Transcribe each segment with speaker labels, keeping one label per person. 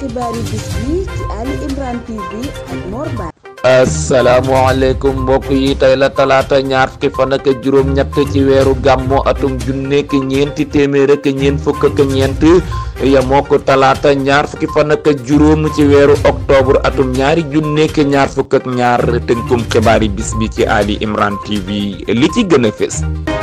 Speaker 1: xibaaru bis mbokk yi tey la talaata ñaar fukki fan juróom-ñett ci weeru gàmmu atum junneek ñeenti téeméer ak ñeent fukk ak ñeent yemoo ko talaata ñaar fukki fan juróom ci weeru octobre atum ñaari junneek ñaar fukk ak ñaar tënkum xibaari bis ci Ali Imran TV li ci gën a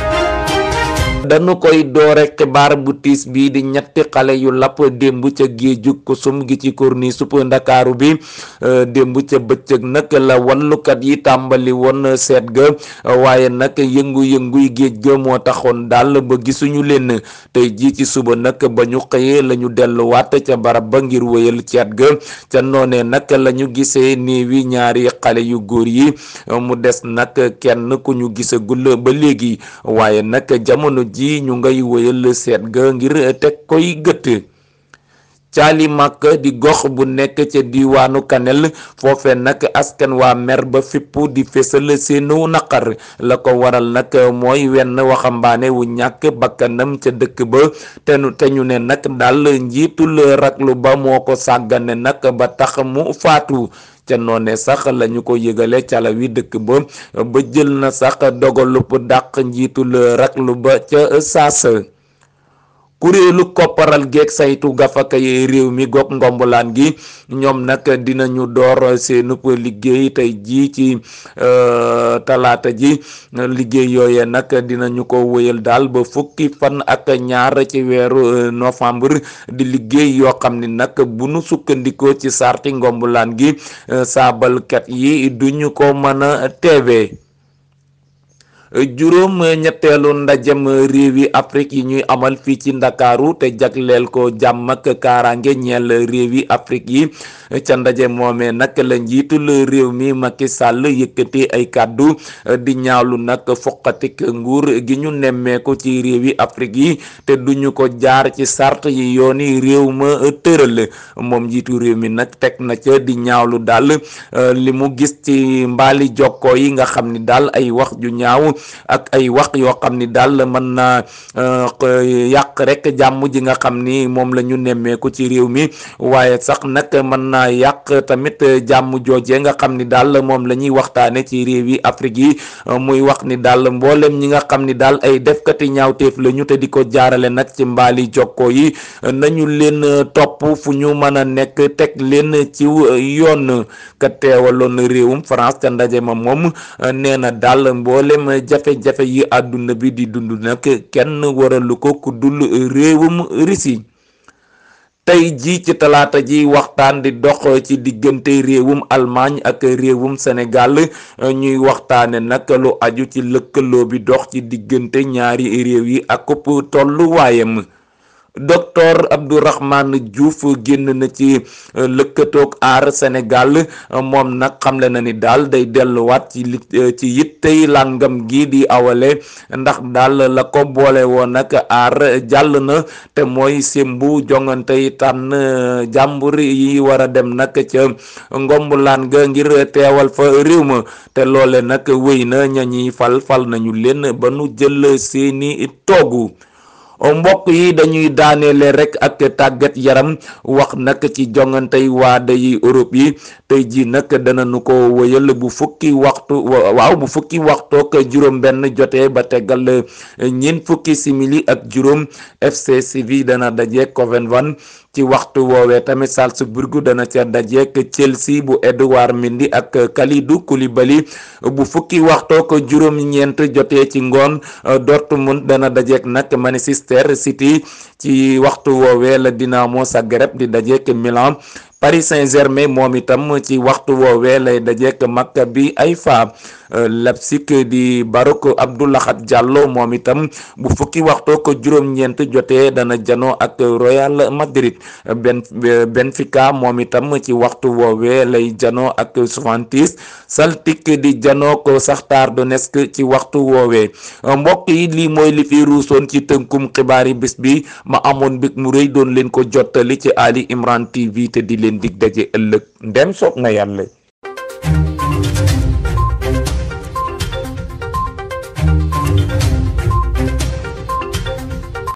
Speaker 1: dañu koy doore xibaar bu tiis bii di ñetti xale yu lapp démb ca géeju kusum gi ci korni supp ndakaaru bi euh, démb ca bëccëg nag la wallukat yi tàmbali woon seet ga waaye nag yëngu-yënguy géej ga moo taxoon daal ba gisuñu leen tey jii ci suba nag ba ñu xëyee la ñu delluwaat ca barab ba ngir wéyal ceet ga ca noone nag lañu ñu gisee néewi ñaari xale yu góor yi mu des nag kenn ku ñu gisagul ba léegi waaye nag jamono ji ñu ngay wëyal seet ga ngir teg koy gëtt caali màkk di gox bu nekk ca diwaanu kanel foofe nag askan waa mer ba fippu di fésal seenu naqar la ko waral nag mooy wenn waxambaane wu ñàkk bakkanam ca dëkk ba te te ñu ne nag daal njiitul raglu ba moo ko sàggane nag ba tax mu faatu ca noone sax lañu ko yëgale cala wi dëkk ba ba jël na sax dogalup dàq njiitul raglu ba ca saasa kuréelu kopparal geek saytu gafaka réew mi goog ngombalaan gi ñoom nag dinañu door seenu liggéey tey jii ci euh, talaata ji liggéey yooye nag dinañu ko woyal daal ba fukki fan ak ñaar ci weeru euh, novembre di liggéey yoo xam ni nag bu nu sukkandikoo ci sarti ngombalaan gi euh, saabalkat yi duñu ko mën a teewee juróom ñetteelu ndajem réew yi Afrique yi ñuy amal fii ci ndakaaru te jagleel ko jàmm ak kaaraange ñeel réew yi Afrique yi ca ndaje moomee nag la njiitul réew mi Macky Sall yëkkati ay kàddu di ñaawlu nag foqati nguur gi ñu nemmeeku ci réew yi Afrique yi te duñu ko jaar ci sart yi yooni réew ma tëral moom njiitu réew mi nag teg na ca di ñaawlu daal eh, li mu gis ci mbaali jokkoo yi nga xam ni daal ay wax ju ñaaw ak ay wax yoo xam ni daal mën naa euh, yàq rekk jàmm ji nga xam ni moom la ñu nemmeeku ci réew mi waaye sax nag mën naa yàq tamit jàmm joojee nga xam ni daal moom la ñuy waxtaane ci réew yi Afrique yi muy wax ni daal mbooleem ñi nga xam ni daal ay defkati ñaawteef la ñu te di ko jaarale nag ci mbaali jokko yi nañu leen topp fu ñu mën a nekk teg leen ci yoon ka teewaloon réewum France ca ndaje ma moom nee daal mboolem jafe-jafe yi àdduna bi di dund nag kenn waralu ko ku dul réewum Russie tey ji ci talaata ji waxtaan di dox ci diggante réewum almaañ ak réewum Sénégal ñuy waxtaane nag lu aju ci lëkkaloo bi dox ci diggante ñaari réew yi ak toll waayam docteur Abdourahmane Diouf génn na ci euh, lëkkatoog aar Sénégal moom nag xamle na ni daal day delluwaat ci li euh, ci yittey làngam gi di awale ndax daal la ko boole woon nag aar jàll na te mooy simbu jongante yi tànn euh, jàmbur yi war a dem nag ca ngomb ngombulaan ga ngir teewal fa réew ma te loole nag wéy na ña ñiy fal fal nañu leen ba nu jël seeni toogu mbokk yi dañuy daaneele rek ak tàggat yaram wax nag ci jongantey waada yi Europe yi tey ji nag danañu ko wëyal bu fukki waxtu waaw bu fukki waxtook juróom benn jotee ba tegal ñeent fukki simili ak juróom FC Séville dana daje Kovenvan ci waxtu woowee tamit Salzburg dana ca dajeek Chelsea bu Edouard Mendy ak Kalidou Koulibaly bu fukki waxtoo ko juróom-ñeent jotee ci ngoon Dortmund dana dajeek nag Manchester City ci waxtu woowee la Dinamo Zagreb di dajeek Milan Paris Saint-Germain moom itam ci waxtu woowee lay dajeek Maccabi Haifa euh, Leipzig di Barouk Abdoulahat Diallo moom itam bu fukki waxtoo ko juróom-ñeent jotee dana janoo ak Real Madrid ben euh, moom itam ci waxtu woowee lay janoo ak Juventus Celtic di janoo ko Shakhtar Donetsk ci waxtu woowee euh, mbokk yi lii mooy li fi ruusoon ci tënkum xibaari bis bi ma amoon mbég mu rëy doon leen ko jottali ci Ali Imran TV te di leen leen dig daje ëllëg ndem na yàlla